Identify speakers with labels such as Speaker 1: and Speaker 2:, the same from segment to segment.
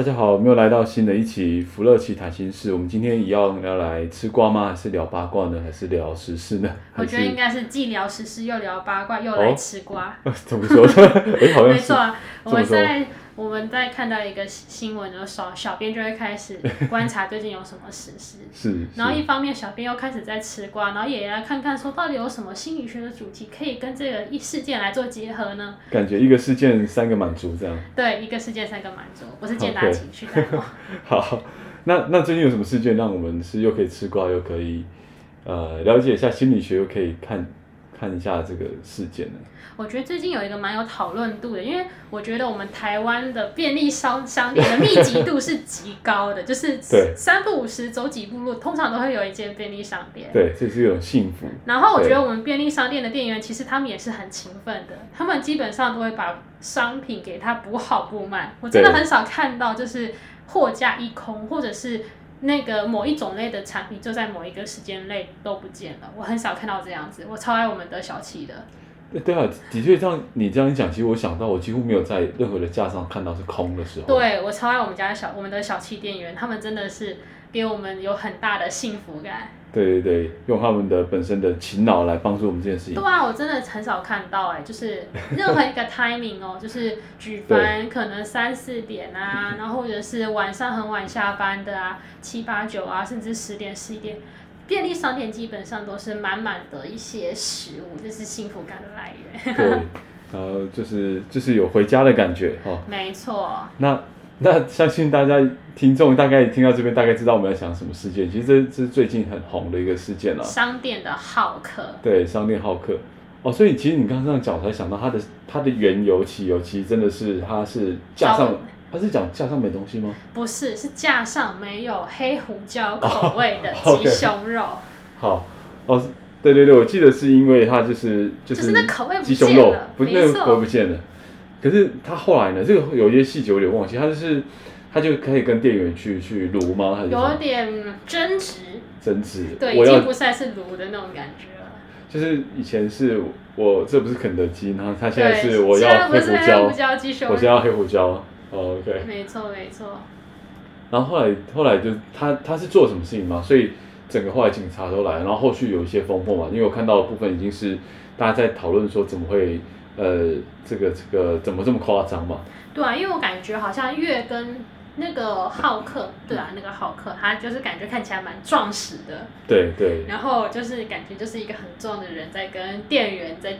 Speaker 1: 大家好，我們又來到新的一期福樂齊談心事。我們今天要要來吃瓜嗎？還是聊八卦呢？還是聊時事呢？
Speaker 2: 我覺
Speaker 1: 得應該是既聊時事又聊八卦，又來吃瓜。哦？怎麼說？哎， 沒錯，我們在。
Speaker 2: 我們在看到一個新聞的時候，小編就會開始觀察最近有什麼時事。 是。然後一方面，小編又開始在吃瓜，然後也要看看說到底有什麼心理學的主題可以跟這個一事件來做結合呢？
Speaker 1: 感覺一個事件三個滿足這樣。
Speaker 2: 對，一個事件三個滿足，不是見大情緒。
Speaker 1: Okay. 好，那那最近有什麼事件讓我們是又可以吃瓜，又可以呃了解一下心理學，又可以看。看一下這個事件呢？
Speaker 2: 我覺得最近有一個蠻有討論度的，因為我覺得我們台灣的便利商商店的密集度 是極高的，就是三不五十走幾步路，通常都會有一間便利商店。對，
Speaker 1: 這是一種幸福。然後我覺得我
Speaker 2: 們便利商店的店員其實他們也是很勤奮的，他們基本上都會把商品給他補好補滿，我真的很少看到就是貨架一空，或者是。那個某一種類的產品，就在某一個時間內都不見了。我很少看到這樣子。我超愛我們的小七的。
Speaker 1: 對啊，的確這樣。你這樣一講，其實我想到，我幾乎沒有在任何的架上看到是空的時
Speaker 2: 候。對，我超愛我們家小我們的小七店員，他們真的是給我們有很大的幸福感。
Speaker 1: 對對對，用他們的本身的勤勞來幫助我們這件事情。對啊，
Speaker 2: 我真的很少看到哎、欸，就是任何一個 timing 哦， 就是舉凡可能三四點啊，然後或者是晚上很晚下班的啊，七八九啊，甚至十點十一點，便利商店基本上都是滿滿的一些食物，這、就是幸福感的來源。 對，呃、
Speaker 1: 然後就是就是有回家的感覺哦，
Speaker 2: 沒錯。
Speaker 1: 那。那相信大家聽眾大概聽到這邊，大概知道我們要想什麼事件。其實這是最近很紅的一個事件了、啊。
Speaker 2: 商店的浩克。
Speaker 1: 對，商店浩克。哦，所以其實你剛剛這樣講，我才想到它的他的原油汽油，其實真的是它是架上，它是講架上沒東西嗎？
Speaker 2: 不是，是架上沒有黑胡椒口味的雞胸肉。哦
Speaker 1: okay. 好，哦，對對對，我記得是因為它就是、就是、雞胸肉就是那口味不見了，不、那個、不見了。可是他後來呢？這個有一些細節我有點忘記。他就是他就可以跟店員去去盧嗎還是？有
Speaker 2: 點爭執。
Speaker 1: 爭執對，已經不
Speaker 2: 是盧的那種感
Speaker 1: 覺了。就是以前是我這不是肯德基，然後他現在是我要黑胡椒，現在胡椒我現在要黑胡椒。Oh, OK 沒。
Speaker 2: 沒錯
Speaker 1: 沒錯。然後後來後來就他他是做什麼事情嗎？所以整個後來警察都來，然後後續有一些風波嘛。因為我看到的部分已經是大家在討論說怎麼會。呃，這個這個怎麼這麼誇張嘛？
Speaker 2: 對啊，因為我感覺好像越跟那個浩克，對啊，那個浩克，他就是感覺看起來蠻壯實的。
Speaker 1: 對對。然
Speaker 2: 後就是感覺就是一個很壯的人在跟店員在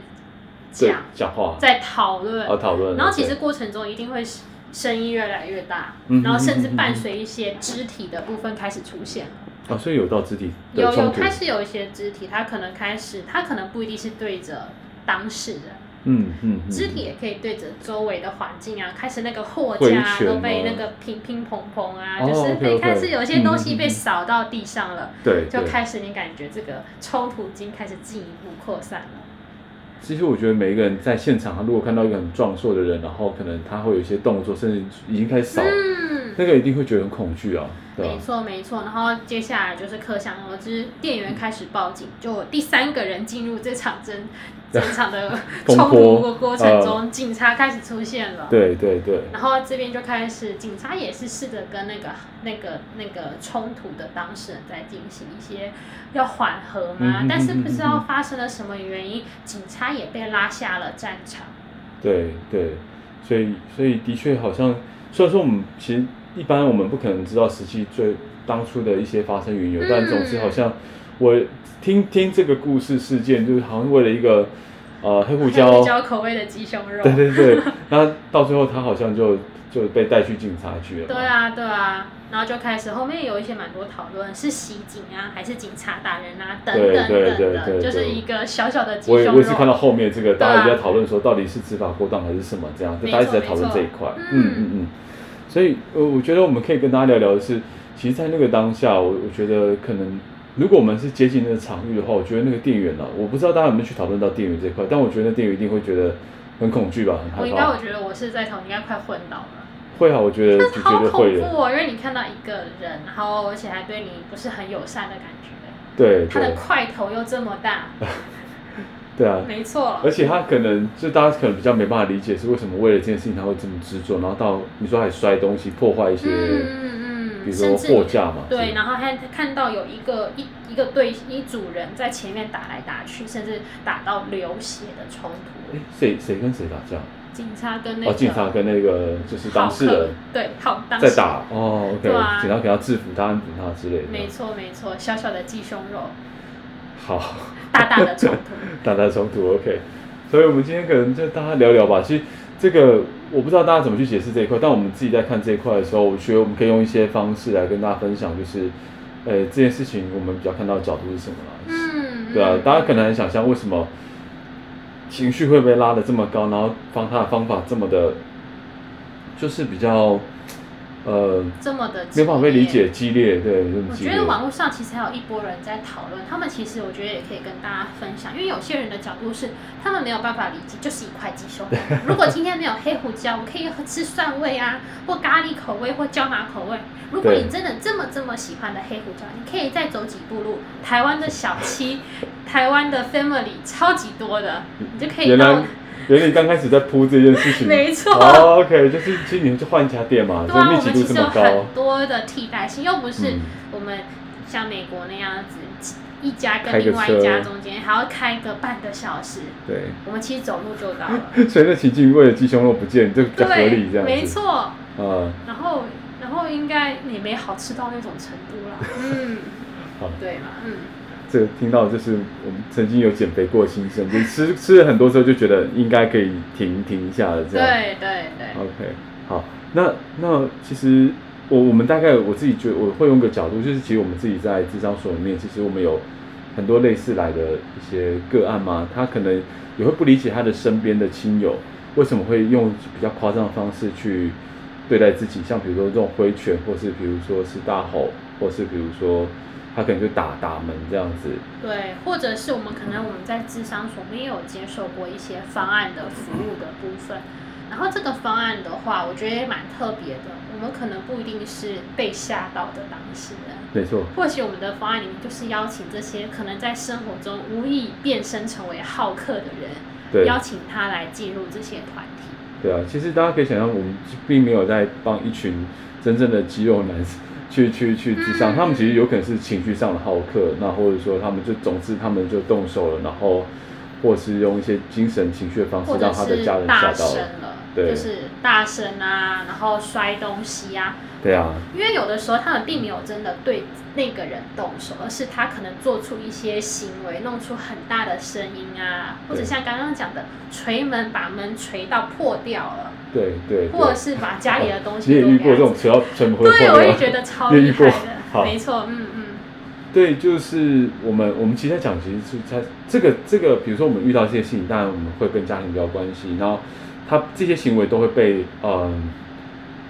Speaker 1: 講講話，
Speaker 2: 在討論、啊，討論。然後其實過程中一定會聲音越來越大，嗯哼哼哼哼，然後甚至伴隨一些肢體的部分開始出現
Speaker 1: 了。哦，所以有到肢體？有有開始
Speaker 2: 有一些肢體，他可能開始，他可能不一定是對着當事人。嗯嗯，嗯，肢體也可以對着周圍的環境啊，開始那個貨架、啊啊、都被那個乒乒碰碰啊、哦，就是開始、哎 okay, okay, 有些東西被掃到地上了，對、嗯嗯，就開始你感覺這個衝突已經開始進一步擴散了。
Speaker 1: 其實我覺得每一個人在現場，如果看到一個很壯碩的人，然後可能他會有一些動作，甚至已經開始掃，嗯、那個一定會覺得很恐懼啊。對沒
Speaker 2: 錯沒錯，然後接下來就是可想而知，就是、店員開始報警、嗯，就第三個人進入這場爭。現場的衝突的過程中，警察開始出現了、呃。對
Speaker 1: 對對。然後
Speaker 2: 這邊就開始，警察也是試着跟那個、那個、那個衝突的當事人在進行一些要緩和嘛、嗯嗯嗯嗯嗯。但是不知道發生了什麼原因，嗯嗯嗯嗯嗯、警察也被拉下了戰場。
Speaker 1: 對對，所以所以的確好像，雖然說我們其實一般我們不可能知道實際最當初的一些發生緣由、嗯，但總之好像。我聽聽這個故事事件，就是好像為了一個，呃，黑胡椒、黑胡椒
Speaker 2: 口味的雞胸肉。對對對，
Speaker 1: 那到最後他好像就就被帶去警察局了。對
Speaker 2: 啊對啊，然後就開始後面有一些蠻多討論，是襲警啊，還是警察打人啊等等的。對對、對對對對，就是一個小小的雞胸肉。我我也是看到
Speaker 1: 後面這個大家一直在討論說，到底是執法過當還是什麼這樣，就大家一直在討論這一塊。嗯嗯嗯，所以呃，我覺得我們可以跟大家聊聊的是，其實，在那個當下，我我覺得可能。如果我們是接近那個場域的話，我覺得那個店員呢，我不知道大家有沒有去討論到店員這塊，但我覺得那店員一定會覺得很恐懼吧，很害怕。我應該我覺
Speaker 2: 得我是在場應該快昏倒了。
Speaker 1: 會啊，我覺得、哦、就覺得會有因
Speaker 2: 為你看到一個人，然後而且還對你不是很友善的感覺。
Speaker 1: 對，對他的
Speaker 2: 塊頭又這麼大。
Speaker 1: 對啊，沒
Speaker 2: 錯。而且他
Speaker 1: 可能，就大家可能比較沒辦法理解，是為什麼為了這件事情他會這麼執着，然後到你說還摔東西破壞一些。嗯嗯嗯
Speaker 2: 比如說貨架嘛、嗯，對，然後還看到有一個一一個隊一組人在前面打來打去，甚至打到流血的衝突。
Speaker 1: 誰誰跟誰打架？警察
Speaker 2: 跟那個。哦，警察
Speaker 1: 跟那個就是當事人。
Speaker 2: 對，好。當時在打
Speaker 1: 哦，okay, 對啊。警察給他制服他安撫，他之類的。
Speaker 2: 沒錯沒錯，小小的雞胸肉。
Speaker 1: 好。大大的衝突。 大大的衝突，OK。所以我們今天可能就大家聊聊吧。其實這個。我不知道大家怎麼去解釋這一塊，但我們自己在看這一塊的時候，我覺得我們可以用一些方式來跟大家分享，就是，呃，這件事情我們比較看到的角度是什麼啦，是、嗯，對啊，大家可能很想象為什麼情緒會被拉得這麼高，然後方他的方法這麼的，就是比較。呃，這麼的沒辦法被理解激烈。對，我覺得網
Speaker 2: 絡上其實還有一波人在討論，他們其實我覺得也可以跟大家分享，因為有些人的角度是他們沒有辦法理解，就是一塊雞胸。 如果今天沒有黑胡椒，我可以吃蒜味啊，或咖喱口味，或椒麻口味。如果你真的這麼這麼喜歡的黑胡椒，你可以再走幾步路，台灣的小七， 台灣的 Family 超級多的，你就可以到
Speaker 1: 因你剛開始在鋪這件事情，沒錯。Oh, OK，就是其實你們就換一家店嘛，對啊，所以密集度我們其實有很
Speaker 2: 多的替代性，又不是我們像美國那樣子，嗯、一家跟另外一家中間還要開一個半個小時。對，我們其實走路就到了。
Speaker 1: 所以那奇經，為了雞胸肉不見，就比較合理這樣沒錯、嗯。然
Speaker 2: 後，然後應該也沒好吃到那種程度啦。 嗯好。對嘛，嗯。
Speaker 1: 這個、聽到就是我們曾經有減肥過的心聲，就吃吃了很多之後就覺得應該可以停停一下了，這樣。
Speaker 2: 對對
Speaker 1: 對。OK，好，那那其實我我們大概我自己覺得我會用個角度，就是其實我們自己在諮商所裡面，其實我們有很多類似來的一些個案嘛，他可能也會不理解他的身邊的親友為什麼會用比較誇張的方式去對待自己，像比如說這種揮拳，或是比如說是大吼，或是比如說。他可能就打打門這樣子。
Speaker 2: 對，或者是我們可能我們在諮商所沒有接受過一些方案的服務的部分。然後這個方案的話，我覺得也蠻特別的。我們可能不一定是被嚇到的當事人，沒錯。或許我們的方案裡面就是邀請這些可能在生活中無意變身成為浩克的人，
Speaker 1: 邀請
Speaker 2: 他來進入這些團體。
Speaker 1: 對啊，其實大家可以想象，我們並沒有在幫一群真正的肌肉男生。去去去智商、嗯、他們其實有可能是情緒上的好客，那或者說他們就總之他們就動手了，然後或是用一些精神情緒的方式讓他的家人嚇到了，是大聲了
Speaker 2: 就是大聲啊，然後摔東西啊，
Speaker 1: 對啊、嗯，
Speaker 2: 因為有的時候他們並沒有真的對那個人動手、嗯，而是他可能做出一些行為，弄出很大的聲音啊，或者像剛剛講的錘門，把門錘到破掉了。
Speaker 1: 對對對，或者是
Speaker 2: 把家裡的東西你、啊、也遇過這種，
Speaker 1: 只要全部會我也覺得超厲害的，沒錯，嗯嗯。對，就是我們我們其實在講，其實是他這個這個，比如說我們遇到一些事情，當然我們會跟家庭比較關係，然後他這些行為都會被嗯，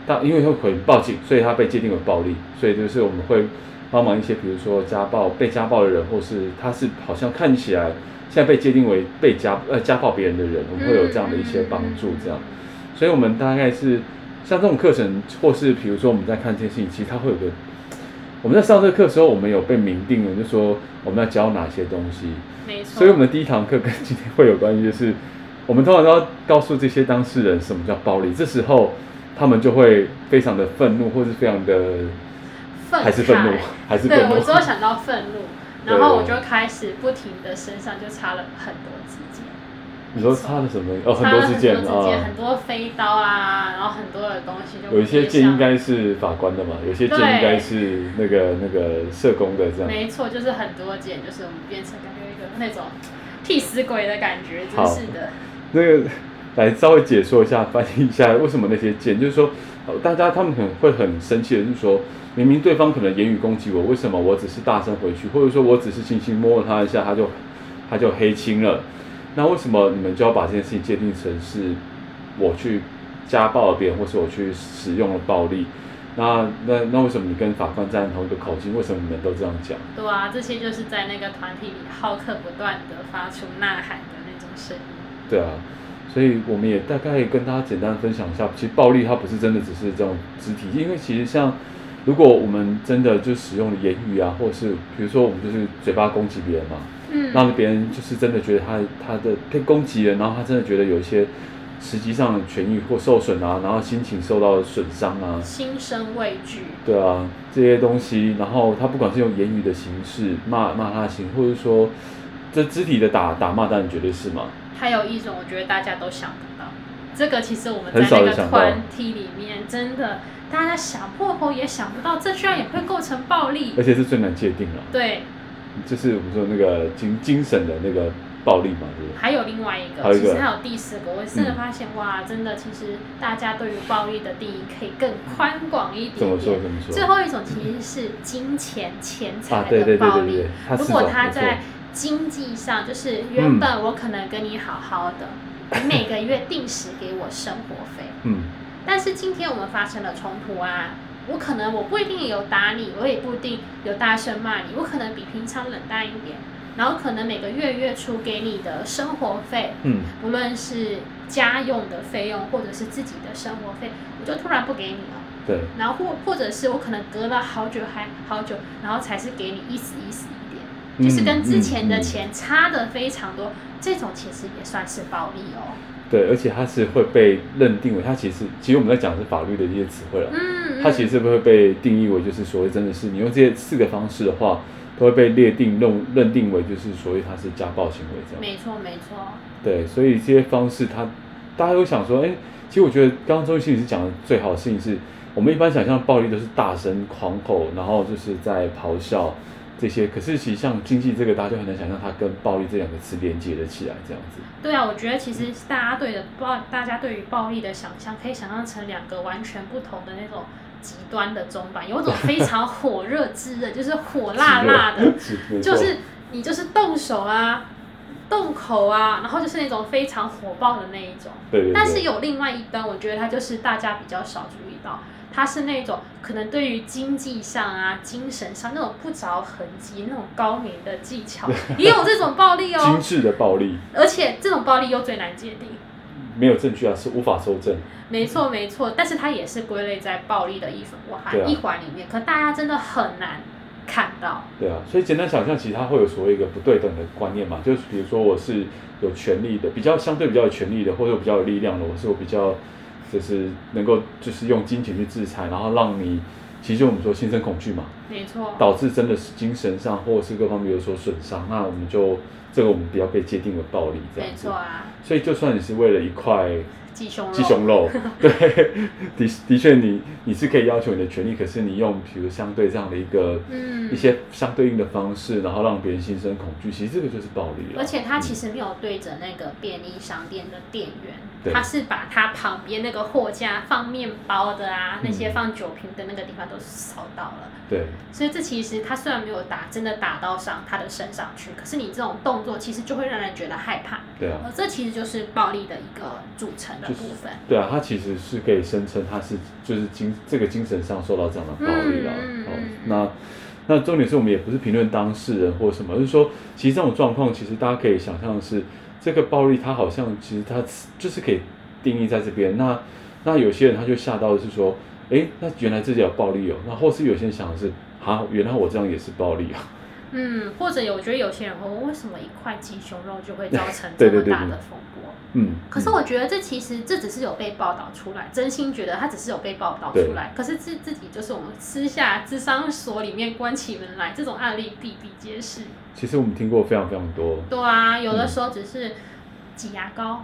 Speaker 1: 他因為會會報警，所以他被界定為暴力，所以就是我們會幫忙一些，比如說家暴被家暴的人，或是他是好像看起來現在被界定為被家呃家暴別人的人，我們會有這樣的一些幫助，這樣。嗯嗯所以，我們大概是像這種課程，或是比如說我們在看這些信息，它會有個，我們在上這課的時候，我們有被明定了，就是說我們要教哪些東西。沒錯。所以，我們的第一堂課跟今天會有關係，就是我們通常都要告訴這些當事人什麼叫暴力。這時候，他們就會非常的憤怒，或是非常的憤還是憤怒還是怒。對，我只有
Speaker 2: 想到憤怒，然後我就開始不停的身上就插了很多自己。
Speaker 1: 你說插了什麼？哦，很多支箭啊，很多
Speaker 2: 飛刀啊，然後很多的東西就有一些
Speaker 1: 箭應該是法官的嘛，有些箭應該是那個那個社工的這樣。沒
Speaker 2: 錯，就是很多箭，就是我們變成感覺有一個那種替死
Speaker 1: 鬼的感覺，嗯、真是的。那個來稍微解說一下，翻譯一下為什麼那些箭，就是說大家他們很會很生氣的，就是說明明對方可能言語攻擊我，為什麼我只是大聲回去，或者說我只是輕輕摸了他一下，他就他就黑青了。那為什麼你們就要把這件事情界定成是我去家暴了別人，或是我去使用了暴力？那那那為什麼你跟法官站在同一個口徑？為什麼你們都這樣講？
Speaker 2: 對啊，這些就是在那個團體裡浩克不斷地發出吶喊
Speaker 1: 的那種聲音。對啊，所以我們也大概跟大家簡單分享一下，其實暴力它不是真的只是這種肢體，因為其實像如果我們真的就使用了言語啊，或者是比如說我們就是嘴巴攻擊別人嘛、啊。嗯、讓別人就是真的覺得他他的被攻擊了，然後他真的覺得有一些實際上的權益或受損啊，然後心情受到損傷啊，
Speaker 2: 心生畏懼。
Speaker 1: 對啊，這些東西，然後他不管是用言語的形式罵罵他的行，或者說這肢體的打打罵，當然絕對是嗎？
Speaker 2: 還有一種，我覺得大家都想得到，這個其實我們在那個團體裡面真，真的大家想破頭也想不到，這居然也會構成暴力，
Speaker 1: 而且是最難界定的啊。對。就是我們說那個精精神的那個暴力嘛，對，還
Speaker 2: 有另外一個，有一個，其實還有第四個，我甚至發現、嗯、哇，真的，其實大家對於暴力的定義可以更寬廣一點點。怎麼說？怎麼說？最後一種其實是金錢錢財的暴力。啊、對對對對對，如果他在經濟上，就是原本我可能跟你好好的，你、嗯、每個月定時給我生活費，嗯，但是今天我們發生了衝突啊。我可能我不一定有打你，我也不一定有大聲罵你，我可能比平常冷淡一點，然後可能每個月月初給你的生活費，嗯，無論是家用的費用或者是自己的生活費，我就突然不給你了，對，然後或或者是我可能隔了好久還好久，然後才是給你意思意思。
Speaker 1: 就是跟之前
Speaker 2: 的錢差得非常多，嗯嗯嗯，這種其實也算是暴力
Speaker 1: 哦。對，而且它是會被認定為，它其實其實我們在講的是法律的一些詞彙了。嗯。它、嗯、其實會不會被定義為就是所謂真的是你用這些四個方式的話，都會被列定認認定為就是所謂它是家暴行為這樣。
Speaker 2: 沒
Speaker 1: 錯，沒錯。對，所以這些方式，它大家都想說，誒、欸，其實我覺得剛剛周玉新律師講的最好的事情是，我們一般想象暴力都是大聲狂吼，然後就是在咆哮。這些可是其實像經濟這個，大家就很難想象它跟暴力這兩個詞連接了起來，這樣子。
Speaker 2: 對啊，我覺得其實大家對暴的暴、嗯，大家對於暴力的想象，可以想象成兩個完全不同的那種極端的中板，有一種非常火熱之熱， 就是火辣辣的， 就是你就是動手啊，動口啊，然後就是那種非常火爆的那一種。對，對，對。但是有另外一端，我覺得它就是大家比較少注意到。它是那種可能對於經濟上啊、精神上那種不着痕跡、那種高明的技巧，也有這種暴力哦。精
Speaker 1: 緻的暴力，
Speaker 2: 而且這種暴力又最難界定，
Speaker 1: 沒有證據啊，是無法搜證、嗯。
Speaker 2: 沒錯沒錯，但是它也是歸類在暴力的一環、嗯啊，一環裡面。可大家真的很難看到。
Speaker 1: 對啊，所以簡單想象，其實他會有所謂一個不對等的觀念嘛，就是比如說我是有權力的，比較相對比較有權力的，或者比較有力量的，我是有比較。就是能夠，就是用金錢去制裁，然後讓你，其實我們說心生恐懼嘛，沒錯，導致真的是精神上或者是各方面有所損傷，那我們就這個我們比較被界定為暴力，這樣子，沒錯啊。所以就算你是為了一塊。雞胸肉，胸肉。 對，的的確你你是可以要求你的權利，可是，你用比如相對這樣的一個、嗯、一些相對應的方式，然後讓別人心生恐懼，其實這個就是暴力。而且他
Speaker 2: 其實沒有對着那個便利商店的店員，嗯、他是把他旁邊那個貨架放麵包的啊、嗯，那些放酒瓶的那個地方都是掃到了、嗯。對，所以這其實他雖然沒有打真的打到上他的身上去，可是你這種動作其實就會讓人覺得害怕。對啊，而這其實就是暴力的一個組成的。對
Speaker 1: 啊，他其實是可以聲稱他是就是精這個精神上受到這樣的暴力了、啊嗯、哦，那那重點是我們也不是評論當事人或什麼，就是說，其實這種狀況，其實大家可以想象的是這個暴力，它好像其實它就是可以定義在這邊。那那有些人他就嚇到的是說，誒，那原來自己有暴力哦。那或是有些人想的是，啊，原來我這樣也是暴力啊。
Speaker 2: 嗯，或者有，我覺得有些人會問，為什麼一塊雞胸肉就會造成這麼大的風波？ 對對對對對嗯，可是我覺得這其實這只是有被報道出來、嗯，真心覺得它只是有被報道出來。可是自自己就是我們私下諮商所裡面關起門來，這種案例比比皆是。
Speaker 1: 其實我們聽過非常非常多。
Speaker 2: 對啊，有的時候只是、嗯、擠牙膏，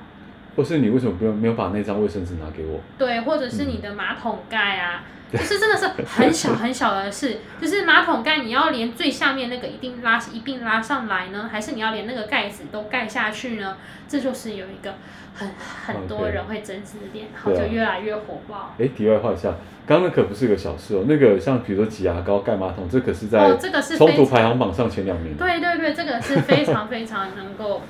Speaker 1: 或是你為什麼不用沒有把那張衛生紙拿給我？
Speaker 2: 對，或者是你的馬桶蓋啊。嗯就是真的是很小很小的事，就是馬桶蓋，你要連最下面那個一定拉一併拉上來呢，還是你要連那個蓋子都蓋下去呢？這就是有一個很很多人會爭執的點，然後就越來越火爆。
Speaker 1: 哎、啊，題外話一下，剛剛可不是個小事哦，那個像比如說擠牙膏蓋、蓋馬桶，這可是在衝突排行榜上前兩名、哦
Speaker 2: 這個。對對對，這個是非常非常能夠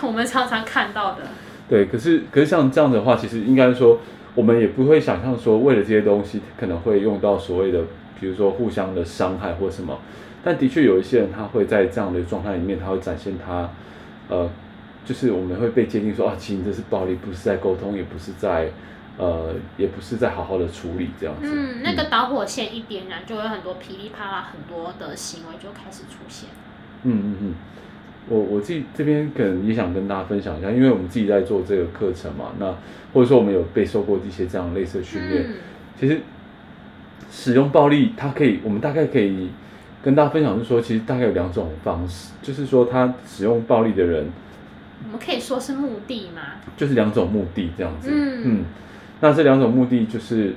Speaker 2: 我們常常看到的。
Speaker 1: 對，可是可是像這樣的話，其實應該說。我們也不會想象說，為了這些東西，可能會用到所謂的，比如說互相的傷害或什麼。但的確有一些人，他會在這樣的狀態裡面，他會展現他，呃，就是我們會被界定，說，啊，其實這是暴力，不是在溝通，也不是在，呃，也不是在好好的處理這樣子
Speaker 2: 嗯。嗯，那個導火線一點燃，就有很多噼里啪啦，很多的行為就開始出現。嗯
Speaker 1: 嗯嗯。嗯我我自己這邊可能也想跟大家分享一下，因為我們自己在做這個課程嘛，那或者說我們有被受過一些這樣的類似訓練，其實使用暴力，它可以，我們大概可以跟大家分享就是說，其實大概有兩種方式，就是說他使用暴力的人，
Speaker 2: 我們可以說是目的嗎？
Speaker 1: 就是兩種目的這樣子，嗯，那這兩種目的就是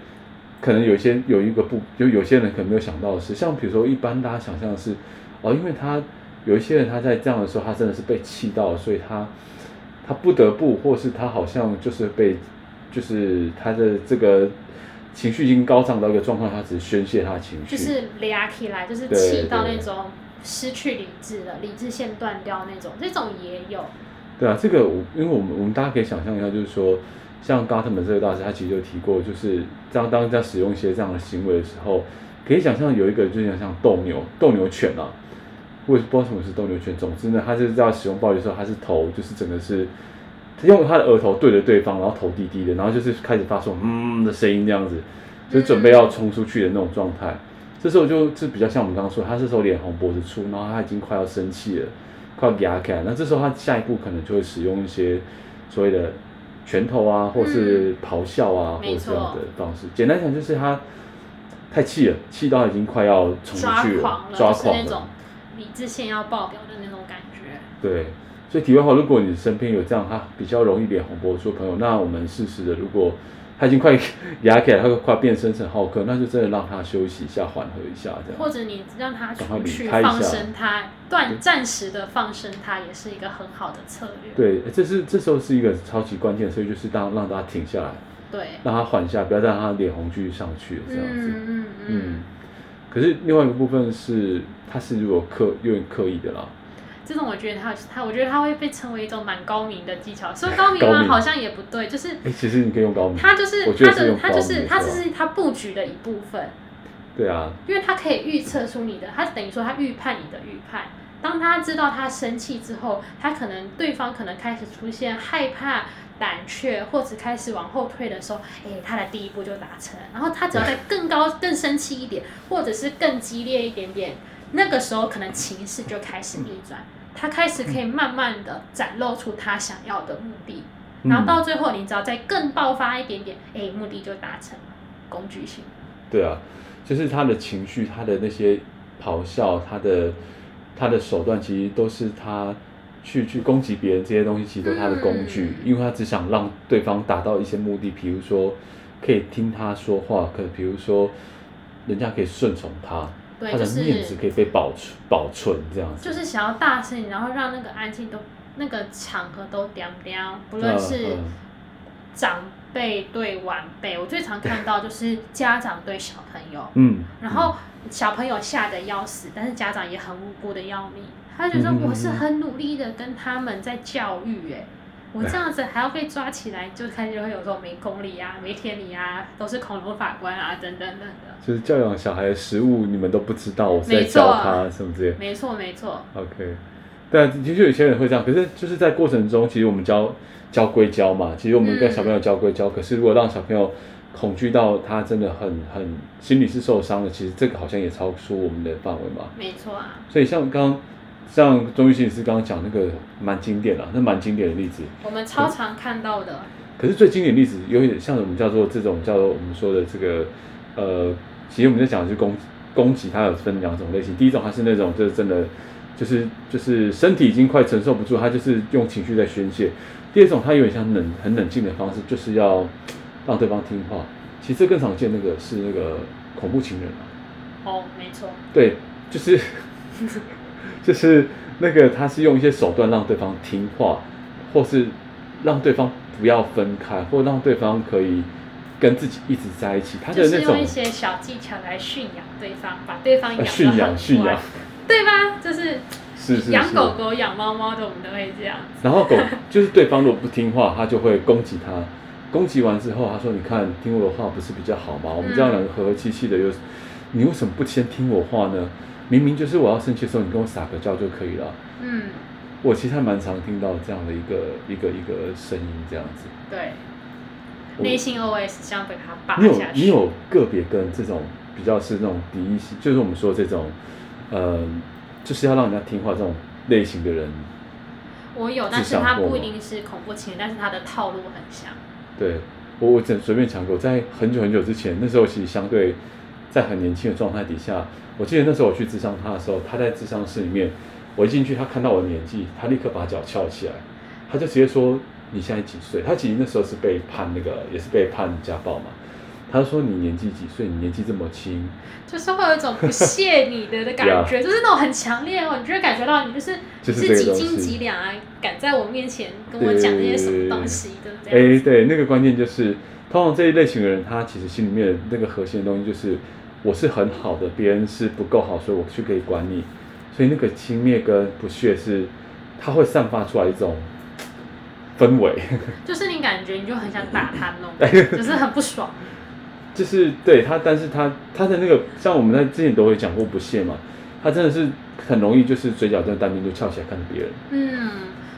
Speaker 1: 可能有些有一個不，就有些人可能沒有想到的是，像比如說一般大家想象的是哦，因為他。有一些人他在這樣的時候，他真的是被氣到，所以他他不得不，或是他好像就是被，就是他的這個情緒已經高漲到一個狀況，他只是宣洩他的情緒。就是
Speaker 2: l 起來，就是氣到那種失去理智了，理智線斷掉那種，這種也
Speaker 1: 有。對啊，這個我因為我們我們大家可以想象一下，就是說像高特曼這個大師，他其實就提過，就是當當在使用一些這樣的行為的時候，可以想象有一個就像像鬥牛鬥牛犬啊。我也不知道什麼是鬥牛犬。總之呢，他就是要使用暴力的時候，他是頭就是整個是用他的額頭對着對方，然後頭低低的，然後就是開始發出“嗯”的聲音，這樣子，就是、準備要衝出去的那種狀態、嗯。這時候就是比較像我們剛剛說，他這時候臉紅脖子粗，然後他已經快要生氣了，快要牙乾。那這時候他下一步可能就會使用一些所謂的拳頭啊，或是咆哮啊，嗯、或者這樣的方式。簡單講就是他太氣了，氣到已經快要衝出去了，抓狂了，
Speaker 2: 理智線要爆掉
Speaker 1: 的那種感覺、啊。對，所以體外化，如果你身邊有這樣他、啊、比較容易臉紅波波的朋友，那我們試試的。如果他已經快壓起來，他就快變身成浩克，那就真的讓他休息一下，緩和一下這
Speaker 2: 樣。或者你讓他去放生他，斷暫時的放生他，也是一個很好的策略。對，
Speaker 1: 這是這時候是一個超級關鍵，所以就是讓讓他停下來，對，讓他緩一下，不要讓他臉紅繼續上去了這樣子。嗯嗯。嗯嗯可是另外一個部分是，他是如果刻有點刻意的啦。
Speaker 2: 這種我覺得他他，我覺得他會被稱為一種蠻高明的技巧，所以高明好像也不對，就是、
Speaker 1: 欸。其實你可以用高明。他就是他的，他就是他只是
Speaker 2: 他布局的一部分。
Speaker 1: 對啊，
Speaker 2: 因為他可以預測出你的，他等於說他預判你的預判。當他知道他生氣之後，他可能對方可能開始出現害怕、膽怯，或者開始往後退的時候，誒、欸，他的第一步就達成了。然後他只要再更高、更生氣一點，或者是更激烈一點點，那個時候可能情勢就開始逆轉、嗯，他開始可以慢慢的展露出他想要的目的。然後到最後，你只要再更爆發一點點，誒、欸，目的就達成了。工具性。
Speaker 1: 對啊，就是他的情緒，他的那些咆哮，他的。他的手段其實都是他去去攻擊別人，這些東西其實都是他的工具，嗯、因為他只想讓對方達到一些目的，比如說可以聽他說話，可比如說人家可以順從他，就是，他的面子可以被保存保存這樣子，
Speaker 2: 就是想要大聲，然後讓那個安靜都那個場合都涼涼，不論是長輩對晚輩，嗯，我最常看到就是家長對小朋友，嗯，然後。小朋友嚇得要死，但是家長也很無辜的要命。
Speaker 1: 他覺得我是很
Speaker 2: 努力的跟他們在教育、欸，哎、嗯，我這樣子還要被抓起來，就看起會有時候沒公理啊，沒天理啊，都是恐龍法官啊，等等等的。就
Speaker 1: 是教養小孩的食物，你們都不知道我是在教他什麼之類。沒錯沒錯。OK，但的確有些人會這樣，可是就是在過程中，其實我們教教歸教嘛，其實我們跟小朋友教歸教、嗯，可是如果讓小朋友。恐懼到他真的很很心理是受傷的，其實這個好像也超出我們的範圍吧？沒錯啊。所以像剛，剛像鍾心理師是剛剛講那個蠻經典的、啊，那蠻經典的例子，
Speaker 2: 我們超常看到的。嗯、
Speaker 1: 可是最經典的例子有點像我們叫做這種叫做我們說的這個呃，其實我們在講的是攻攻擊，它有分兩種類型。第一種它是那種就是真的就是就是身體已經快承受不住，它就是用情緒在宣洩；第二種它有點像冷很冷靜的方式，就是要。讓對方聽話，其實更常見那個是那個恐怖情人。哦，沒錯。對，就是 就是那個，他是用一些手段讓對方聽話，或是讓對方不要分開，或讓對方可以跟自己一直在一起。他就是用一
Speaker 2: 些小技巧來馴養對方，把對方養馴養馴養，對嗎？就是是是養狗狗、養貓貓的，貓貓我們都會
Speaker 1: 這樣。然後狗就是對方如果不聽話，他就會攻擊他。攻擊完之後，他說：“你看，聽我的話不是比較好嗎？我們這樣兩個和和氣氣的又，又、嗯、你為什麼不先聽我話呢？明明就是我要生氣的時候，你跟我撒個嬌就可以了。”嗯，我其實還蠻常聽到這樣的一個一個一個聲音，這樣子。對，內心
Speaker 2: OS 想被他霸下。你有，你有
Speaker 1: 個別跟這種比較是那種敵意型，就是我們說這種、嗯，就是要讓人家聽話這種類型的人。我有，但是他不
Speaker 2: 一定是恐怖情人，但是他的套路很像。
Speaker 1: 對我，我只隨便講過，在很久很久之前，那時候其實相對在很年輕的狀態底下，我記得那時候我去諮商他的時候，他在諮商室裡面，我一進去，他看到我的年紀，他立刻把腳翹起來，他就直接說：“你現在幾歲？”他其實那時候是被判那個，也是被判家暴嘛。他說：“你年紀幾歲？你年紀這麼輕，
Speaker 2: 就是會有一種不屑你的的感覺， yeah. 就是那種很強烈哦。你就會感覺到你就是自己幾斤幾兩啊、就是，敢在我面前跟我講那些什麼東西對不對？哎對對
Speaker 1: 對對、就是，對，那個關鍵就是，通常這一類型的人，他其實心裡面那個核心的東西就是我是很好的，別人是不夠好，所以我去可以管你。所以那個輕蔑跟不屑是，他會散發出來一種氛圍，
Speaker 2: 就是你感覺你就很想打他那種感覺， 就是很不爽。”
Speaker 1: 就是對他，但是他他的那個像我們在之前都會講過不屑嘛，他真的是很容易就是嘴角在單邊就翹起來看着別人，嗯，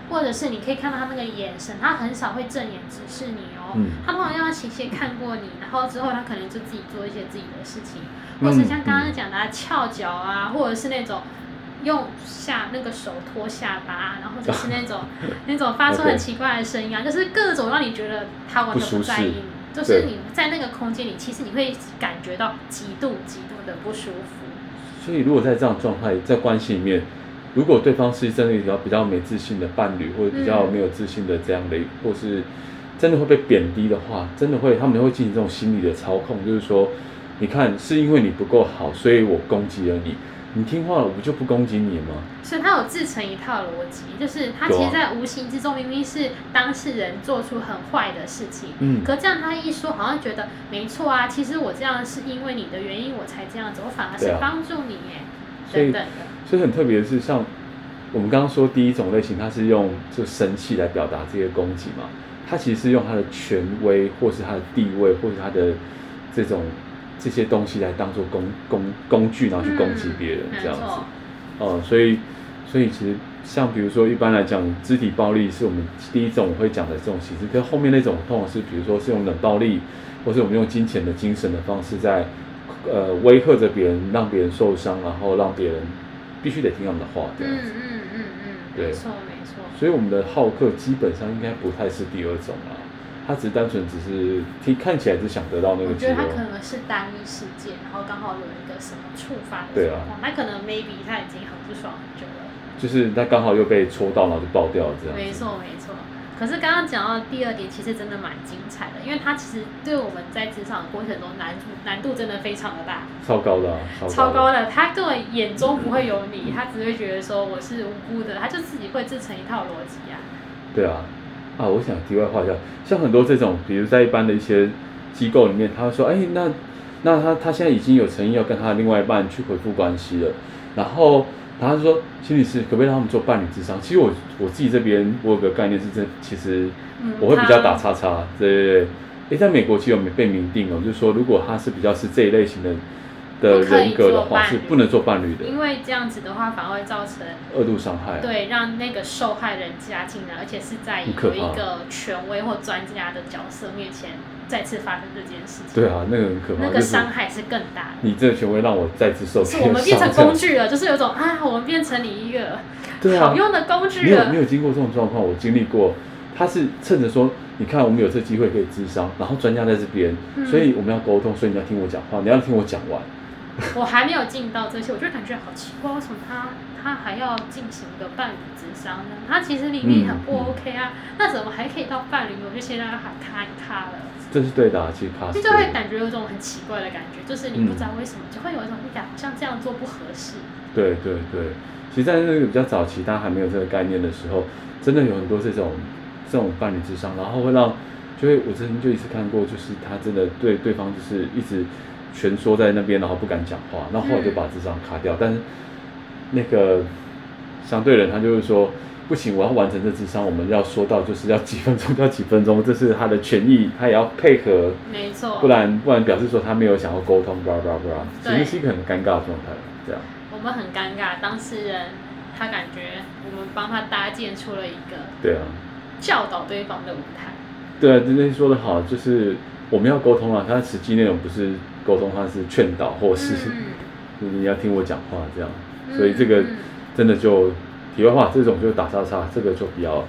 Speaker 2: 或者是你可以看到他那個眼神，他很少會正眼直視你哦、喔嗯，他通常要斜斜看過你，然後之後他可能就自己做一些自己的事情，或者是像剛剛講的翹、啊、腳啊，或者是那種用下那個手托下巴，然後或者是那種 那種發出很奇怪的聲音啊，okay. 就是各種讓你覺得他完全不在意。就是你在那個空間裡，其實你會感覺到極度、極度的不
Speaker 1: 舒服。所以，如果在這樣狀態，在關係裡面，如果對方是真的比較比較沒自信的伴侶，或者比較沒有自信的這樣的，嗯、或是真的會被貶低的話，真的會他們會進行這種心理的操控，就是說，你看是因為你不夠好，所以我攻擊了你。你聽話了，我不就不攻擊你了嗎？
Speaker 2: 所以他有自成一套邏輯，就是他其實，在無形之中、啊，明明是當事人做出很壞的事情，嗯，可這樣他一說，好像覺得沒錯啊。其實我這樣是因為你的原因，我才這樣子，我反而是幫助你耶，哎、啊，等等所，所
Speaker 1: 以很特別的是，像我們剛剛說第一種類型，他是用就生氣來表達這些攻擊嘛？他其實是用他的權威，或是他的地位，或是他的這種。這些東西來當做工工工具，然後去攻擊別人這樣子，哦、嗯呃，所以所以其實像比如說，一般來講，肢體暴力是我們第一種會講的這種形式，跟後面那種通常是，比如說，是用冷暴力，或是我們用金錢的精神的方式在呃威嚇着別人，讓別人受傷，然後讓別人必須得聽他們的話這樣子。嗯嗯嗯嗯，嗯，對，沒
Speaker 2: 錯沒錯。所
Speaker 1: 以我們的浩克基本上應該不太是第二種了。他只是單純只是可以看起來是想得到那個，我覺得他可
Speaker 2: 能是單一事件，然後剛好有一個什麼觸發的情況、啊，那可能 maybe 他已經很不爽很久了，
Speaker 1: 就是他剛好又被戳到，然後就爆掉了這樣。沒
Speaker 2: 錯沒錯，可是剛剛講到第二點，其實真的蠻精彩的，因為他其實對我們在職場過程中難難度真的非常的大，超高
Speaker 1: 的，啊超高的，超高
Speaker 2: 的。他根本眼中不會有你、嗯，他只會覺得說我是無辜的，他就自己會制成一套邏輯啊。
Speaker 1: 對啊。啊，我想題外話一下，像很多這種，比如在一般的一些機構裡面，他會說，哎、欸，那那他他現在已經有誠意要跟他另外一半去恢復關係了，然後，然後他就說，心理師可不可以讓他們做伴侶諮商？其實我我自己這邊我有個概念是這，其實我會比較打叉叉，這，誒，在美國其實有被明定哦，就是說如果他是比較是這一類型的。的可以做伴侶，不能做伴侶的，因
Speaker 2: 為這樣子的話，反而會造成二
Speaker 1: 度傷害、啊。對，
Speaker 2: 讓那個受害人加進來，而且是在有一個權威或專家的角色面前，再次發生這件事
Speaker 1: 情。對啊，那個很可怕，那個傷
Speaker 2: 害是更大的。就
Speaker 1: 是、你這個權威讓我再次受傷，是我們變成工具
Speaker 2: 了，就是有種啊，我們變成你一個、
Speaker 1: 啊、好用的
Speaker 2: 工具了。沒有
Speaker 1: 經過這種狀況，我經歷過，他是趁着說，你看我們有這個機會可以諮商，然後專家在這邊、嗯，所以我們要溝通，所以你要聽我講話，你要聽我講完。
Speaker 2: 我還沒有進到這些，我就感覺好奇怪，為什麼他他還要進行一個伴侶諮商呢？他其實明明很不 OK 啊、嗯嗯，那怎麼還可以到伴侶？我就現在喊他一他了，
Speaker 1: 這是對的、啊，其實他就會感
Speaker 2: 覺有這種很奇怪的感覺，就是你不知道為什麼，就會有一種一點像這樣做不合適、嗯。
Speaker 1: 對對對，其實在那個比較早期，他還沒有這個概念的時候，真的有很多這種這種伴侶諮商，然後會讓，就會我之前就一次看過，就是他真的對對方就是一直。蜷縮在那邊，然後不敢講話，然後，後來就把諮商卡掉。嗯、但是那個相對人他就是說不行，我要完成這諮商，我們要說到就是要幾分鐘要幾分鐘，這是他的權益，他也要配合，沒錯，不然不然表示說他沒有想要溝通，不啦不啦不啦其實是一個很尷尬的狀態這樣。我們很尷尬，當事人他感覺我們幫他搭
Speaker 2: 建出了一個，對啊，教導對方
Speaker 1: 的舞台。對啊，今天說的好，就是我們要溝通啊，他的實際內容不是。溝通他是勸導，或是你要聽我講話這樣，
Speaker 2: 所以這個
Speaker 1: 真的就體會話，這種就打叉叉，這個就比較。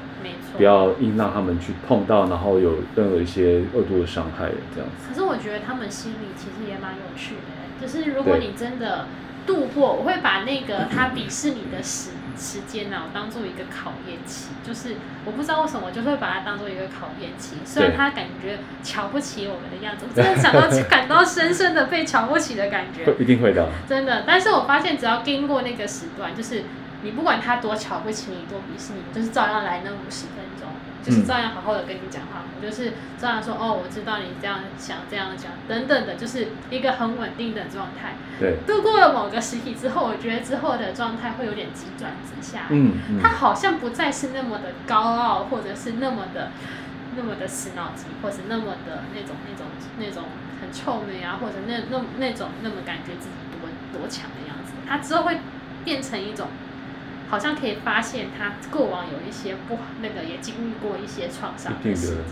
Speaker 1: 不要硬讓他們去碰到，然後有任何一些惡毒的傷害這樣。可
Speaker 2: 是我覺得他們心裡其實也蠻有趣的、欸，就是如果你真的度過，我會把那個他鄙視你的時時間呢，當做一個考驗期。就是我不知道為什麼我就會把它當做一個考驗期，雖然他感覺瞧不起我們的樣子，我真的想到感到深深的被瞧不起的感覺，一
Speaker 1: 定會的，
Speaker 2: 真的。但是我發現只要經過那個時段，就是你不管他多瞧不起你，多鄙視你，就是照樣來那五十分。就是照樣好好的跟你講話，我、嗯、就是照樣說哦，我知道你這樣想，想這樣講，等等的，就是一個很穩定的狀態。對，度過了某個時期之後，我覺得之後的狀態會有點急轉直下。嗯，他、嗯、好像不再是那麼的高傲，或者是那麼的，那麼的死腦筋，或者是那麼的那種、那種、那種很臭美啊，或者那那那種那麼感覺自己多多強的樣子。他之後會變成一種。好像可以發現他過往有一些不好那個，也
Speaker 1: 經歷過一些創傷的時間。一定的。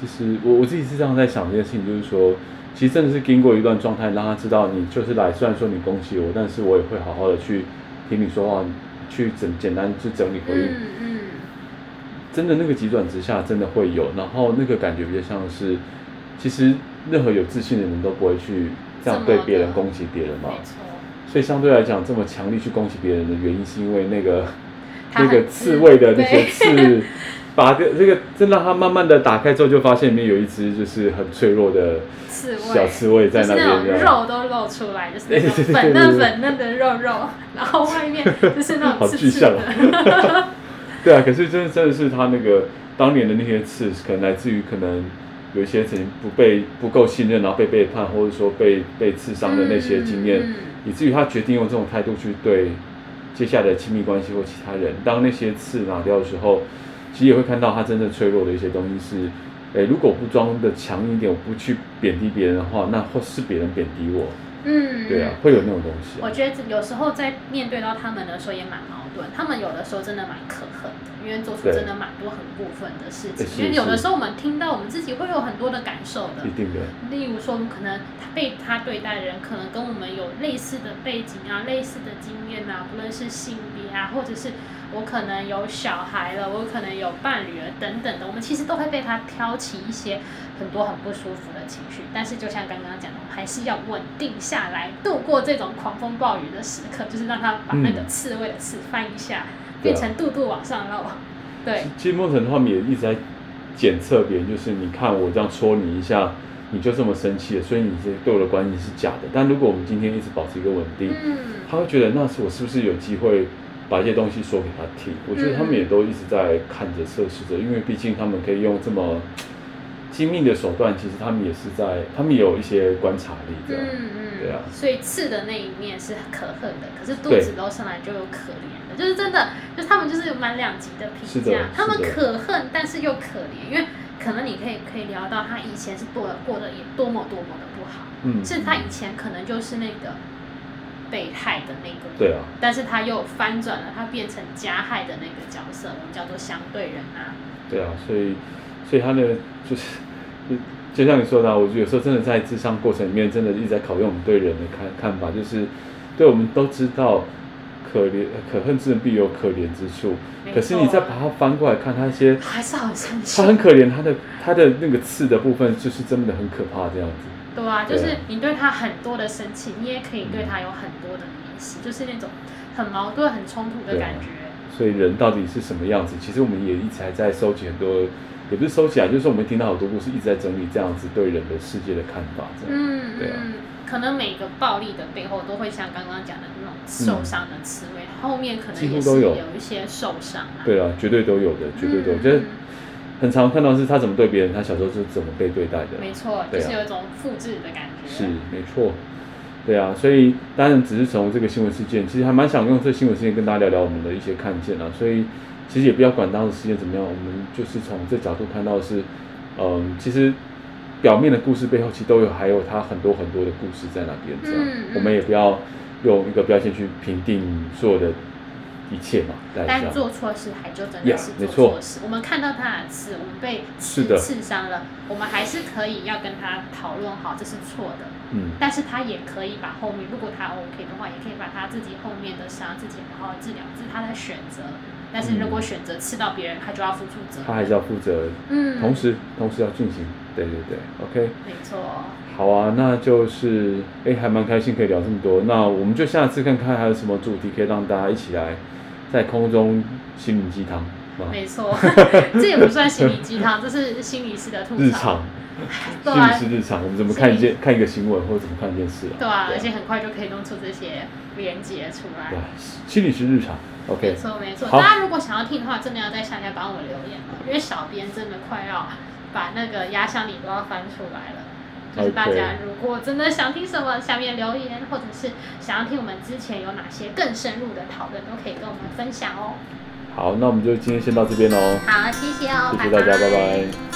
Speaker 1: 其實我我自己是這樣在想這件事情，就是說，其實真的是經過一段狀態，讓他知道你就是來，雖然說你攻擊我，但是我也會好好的去聽你說話，去整簡單去整理回應。嗯嗯。真的那個急轉直下，真的會有，然後那個感覺比較像是，其實任何有自信的人都不會去這樣對別人攻擊別人嘛。對，相對來講這麼強力去攻擊別人的原因，是因為那個
Speaker 2: 那個刺蝟的那些刺，
Speaker 1: 把這這個，這讓它慢慢的打開之後，就發現裡面有一只就是很脆弱的刺
Speaker 2: 蝟，小刺蝟在那邊，就是、那肉都露出來，就是那種粉嫩粉嫩的肉肉， 然後外面就是那種刺象。像
Speaker 1: 啊 對啊，可是真的真的是他那個當年的那些刺，可能來自於可能有一些曾經不被不夠信任，然後被背叛，或者說被被刺傷的那些經驗。嗯嗯以至於他決定用這種態度去對接下來的親密關係或其他人。當那些刺拿掉的時候，其實也會看到他真正脆弱的一些東西。是，哎，如果不裝的強一點，我不去貶低別人的話，那或是別人貶低我。嗯，對啊，會有那種東西啊。我覺
Speaker 2: 得有時候在面對到他們的時候也蠻好。他們有的時候真的蠻可恨的，因為做出真的蠻多很過分的事情。因為有的時候我們聽到，我們自己會有很多的感受的。一定的。例如說，我們可能被他對待的人，可能跟我們有類似的背景啊、類似的經驗啊，不論是性，啊，或者是我可能有小孩了，我可能有伴侶了，等等的，我們其實都會被他挑起一些很多很不舒服的情緒。但是就像剛剛講的，我還是要穩定下來，度過這種狂風暴雨的時刻，就是讓他把那個刺蝟的刺翻一下，嗯，變成肚肚往上漏。對啊，對。
Speaker 1: 其實夢辰的話也一直在檢測別人，就是你看我這樣戳你一下，你就這麼生氣了，所以你是對我的關係是假的。但如果我們今天一直保持一個穩定，嗯，他會覺得那是我是不是有機會。把一些東西說給他聽，我覺得他們也都一直在看着、測試着，因為畢竟他們可以用這麼精密的手段，其實他們也是在，他們有一些觀察力的、嗯，嗯嗯，對啊。
Speaker 2: 所以刺的那一面是可恨的，可是肚子露上來就有可憐的，就是真的，就是、他們就是有蠻兩極的評價，他們可恨但是又可憐，因為可能你可以可以聊到他以前是多過得也多麼多麼的不好，嗯，甚至他以前可能就是那個。被害的那個，對啊，但是他又翻轉了，他變成加害
Speaker 1: 的那個角色，我們叫做相對人啊。對啊，所以，所以他那個就是，就像你說的、啊，我有時候真的在諮商過程裡面，真的一直在考驗我們對人的看看法，就是，對，我們都知道可，可憐可恨之人必有可憐之處，可是你再把它翻過來看，他一些還
Speaker 2: 是好生氣，他很
Speaker 1: 可憐，他的他的那個刺的部分，就是真的很可怕這樣子。
Speaker 2: 對啊，就是你對他很多的生氣、啊，你也可以對他有很多的憐惜、嗯，就是那種很矛盾、很衝突的感覺、
Speaker 1: 啊。所以人到底是什麼樣子？其實我們也一直還在收集很多，也不是收集啊，就是我們聽到好多故事，一直在整理這樣子對人的世界的看法這樣。嗯，對啊，嗯。
Speaker 2: 可能每個暴力的背後，都會像剛剛講的那種受傷的刺蝟、嗯，後面可能也是，都有，也是有一些受傷、啊。對
Speaker 1: 啊，絕對都有的，絕對都有。嗯，就是很常看到是他怎麼對別人，他小時候是怎麼被對待的。沒錯，就是有一
Speaker 2: 種複製的感覺。啊、是
Speaker 1: 沒錯，對啊，所以當然只是從這個新聞事件，其實還蠻想用這個新聞事件跟大家聊聊我們的一些看見啊。所以其實也不要管當時事件怎麼樣，我們就是從這角度看到是，嗯，其實表面的故事背後其實都有還有他很多很多的故事在那邊。這、嗯、樣我們也不要用一個標籤去評定所有的。一切嘛，但做
Speaker 2: 錯事還就真的
Speaker 1: 是做錯事 yeah, 沒錯。我
Speaker 2: 們看到他的刺，我們被刺傷了，我們還是可以要跟他討論好，這是錯的。嗯，但是他也可以把後面，如果他 OK 的話，也可以把他自己後面的傷自己好好治療，這是他的選擇。但是如果選擇刺到別人，嗯，他就要負負責。他還
Speaker 1: 是要負責。嗯，同時同時要進行。對對對，OK，沒錯。好啊，那就是哎、欸，還蠻開心可以聊這麼多。那我們就下次看看還有什麼主題可以讓大家一起來。在空中心靈雞湯，沒
Speaker 2: 錯，這也不算心靈雞湯，這是心理師的 日常
Speaker 1: 對、啊。心理師日常，我們怎麼看一件看一個新聞，或者怎麼看一件事，啊對啊對啊。
Speaker 2: 對啊，而且很快就可以弄出這些連接出來
Speaker 1: 對，啊。心理師日常，OK，沒錯沒錯，大家如
Speaker 2: 果想要聽的話，真的要在下面幫我留言，因為小編真的快要把那個壓箱底都要翻出來了。
Speaker 1: 但是大家
Speaker 2: 如果真的想聽什麼，下面留言，或者是想要聽我們之前有哪些更深入的討論，都可以跟我們分享哦。
Speaker 1: 好，那我們就今天先到這邊嘍。
Speaker 2: 好，謝謝哦，謝謝大家，拜拜。拜拜。